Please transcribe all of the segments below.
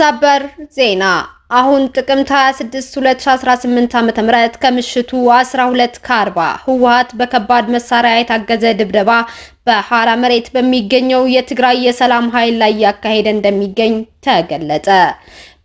ሰበር ዜና አሁን ጥቅምት 26 2018 ዓ.ም ከምሽቱ 12 ከአርባ ህወሓት በከባድ መሳሪያ የታገዘ ድብደባ በሐራ መሬት በሚገኘው የትግራይ የሰላም ኃይል ላይ እያካሄደ እንደሚገኝ ተገለጸ።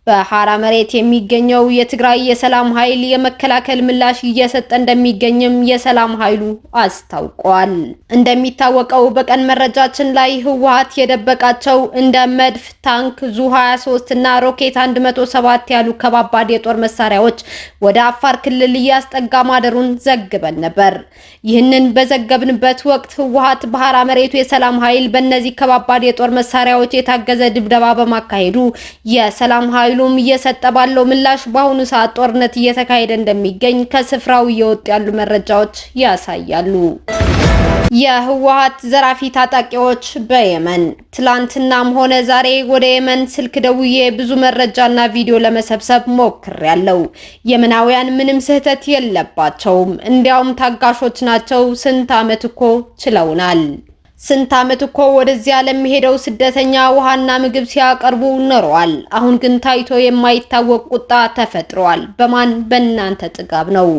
በሐራ መሬት የሚገኘው የትግራይ የሰላም ኃይል የመከላከል ምላሽ እየሰጠ እንደሚገኝም የሰላም ኃይሉ አስታውቋል። እንደሚታወቀው በቀን መረጃችን ላይ ህወሓት የደበቃቸው እንደ መድፍ፣ ታንክ፣ ዙ 23 እና ሮኬት 107 ያሉ ከባባድ የጦር መሳሪያዎች ወደ አፋር ክልል እያስጠጋ ማደሩን ዘግበን ነበር። ይህንን በዘገብንበት ወቅት ህወሓት በሐራ መሬቱ የሰላም ኃይል በእነዚህ ከባባድ የጦር መሳሪያዎች የታገዘ ድብደባ በማካሄዱ የሰላም ኃይሉ ኃይሉም እየሰጠ ባለው ምላሽ በአሁኑ ሰዓት ጦርነት እየተካሄደ እንደሚገኝ ከስፍራው እየወጡ ያሉ መረጃዎች ያሳያሉ። የህወሓት ዘራፊ ታጣቂዎች በየመን ትላንትናም ሆነ ዛሬ ወደ የመን ስልክ ደውዬ ብዙ መረጃና ቪዲዮ ለመሰብሰብ ሞክሬያለሁ። የመናውያን ምንም ስህተት የለባቸውም፣ እንዲያውም ታጋሾች ናቸው። ስንት ዓመት እኮ ችለውናል። ስንት ዓመት እኮ ወደዚያ ለሚሄደው ስደተኛ ውሃና ምግብ ሲያቀርቡ ኖረዋል። አሁን ግን ታይቶ የማይታወቅ ቁጣ ተፈጥሯል። በማን? በእናንተ ጥጋብ ነው።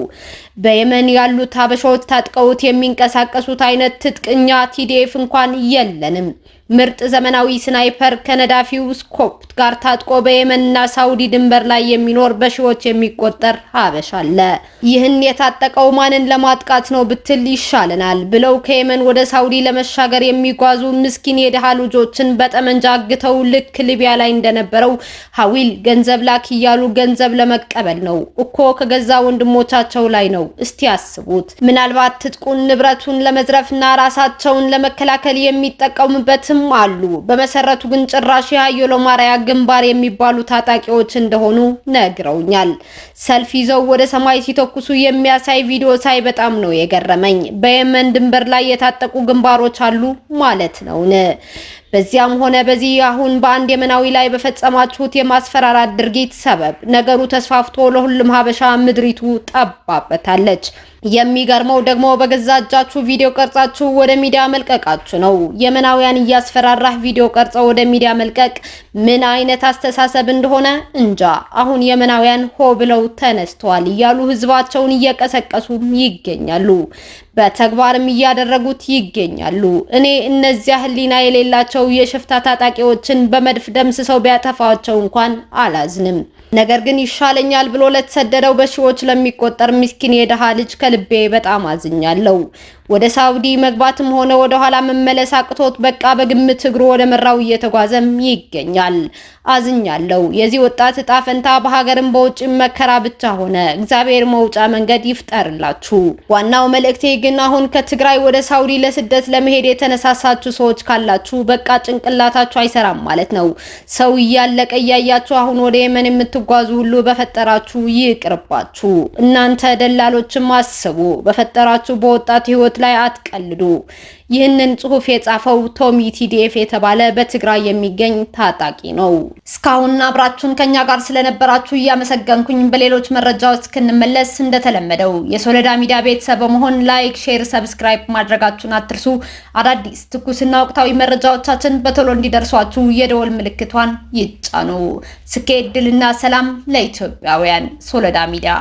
በየመን ያሉት ሀበሻዎች ታጥቀውት የሚንቀሳቀሱት አይነት ትጥቅኛ ቲዲኤፍ እንኳን የለንም። ምርጥ ዘመናዊ ስናይፐር ከነዳፊው ስኮፕ ጋር ታጥቆ በየመንና ሳውዲ ድንበር ላይ የሚኖር በሺዎች የሚቆጠር ሀበሻ አለ። ይህን የታጠቀው ማንን ለማጥቃት ነው ብትል ይሻለናል ብለው ከየመን ወደ ሳውዲ ለመሻገር የሚጓዙ ምስኪን የድሃ ልጆችን በጠመንጃ አግተው ልክ ሊቢያ ላይ እንደነበረው ሀዊል ገንዘብ ላክ እያሉ ገንዘብ ለመቀበል ነው እኮ ከገዛ ወንድሞቻቸው ላይ ነው። እስቲ ያስቡት። ምናልባት ትጥቁን ንብረቱን ለመዝረፍና ራሳቸውን ለመከላከል የሚጠቀሙበት ያሉትም አሉ። በመሰረቱ ግን ጭራሽ የሀየሎ ማርያ ግንባር የሚባሉ ታጣቂዎች እንደሆኑ ነግረውኛል። ሰልፍ ይዘው ወደ ሰማይ ሲተኩሱ የሚያሳይ ቪዲዮ ሳይ በጣም ነው የገረመኝ። በየመን ድንበር ላይ የታጠቁ ግንባሮች አሉ ማለት ነውን? በዚያም ሆነ በዚህ አሁን በአንድ የመናዊ ላይ በፈጸማችሁት የማስፈራራት ድርጊት ሰበብ ነገሩ ተስፋፍቶ ለሁሉም ሀበሻ ምድሪቱ ጠባበታለች። የሚገርመው ደግሞ በገዛ እጃችሁ ቪዲዮ ቀርጻችሁ ወደ ሚዲያ መልቀቃችሁ ነው። የመናውያን እያስፈራራህ ቪዲዮ ቀርጸው ወደ ሚዲያ መልቀቅ ምን አይነት አስተሳሰብ እንደሆነ እንጃ። አሁን የመናውያን ሆ ብለው ተነስተዋል እያሉ ህዝባቸውን እየቀሰቀሱም ይገኛሉ። በተግባርም እያደረጉት ይገኛሉ። እኔ እነዚያ ህሊና የሌላቸው የሽፍታ ታጣቂዎችን በመድፍ ደምስሰው ቢያጠፋቸው እንኳን አላዝንም። ነገር ግን ይሻለኛል ብሎ ለተሰደደው በሺዎች ለሚቆጠር ምስኪን የድሃ ልጅ ከልቤ በጣም አዝኛለሁ። ወደ ሳውዲ መግባትም ሆነ ወደ ኋላ መመለስ አቅቶት በቃ በግምት እግሩ ወደ መራው እየተጓዘም ይገኛል። አዝኛለሁ። የዚህ ወጣት እጣ ፈንታ በሀገርም በውጭ መከራ ብቻ ሆነ። እግዚአብሔር መውጫ መንገድ ይፍጠርላችሁ። ዋናው መልእክቴ ግን አሁን ከትግራይ ወደ ሳውዲ ለስደት ለመሄድ የተነሳሳችሁ ሰዎች ካላችሁ በቃ ጭንቅላታችሁ አይሰራም ማለት ነው። ሰው እያለቀ እያያችሁ አሁን ወደ የመን የምትጓዙ ሁሉ በፈጠራችሁ ይቅርባችሁ። እናንተ ደላሎችም አስቡ። በፈጠራችሁ በወጣት ህይወት ሕይወት ላይ አትቀልዱ። ይህንን ጽሁፍ የጻፈው ቶሚ ቲዲኤፍ የተባለ በትግራይ የሚገኝ ታጣቂ ነው። እስካሁን አብራችሁን ከኛ ጋር ስለነበራችሁ እያመሰገንኩኝ በሌሎች መረጃዎች እስክንመለስ እንደተለመደው የሶለዳ ሚዲያ ቤተሰብ በመሆን ላይክ፣ ሼር፣ ሰብስክራይብ ማድረጋችሁን አትርሱ። አዳዲስ ትኩስና ወቅታዊ መረጃዎቻችን በቶሎ እንዲደርሷችሁ የደወል ምልክቷን ይጫኑ። ስኬት፣ ድልና ሰላም ለኢትዮጵያውያን። ሶለዳ ሚዲያ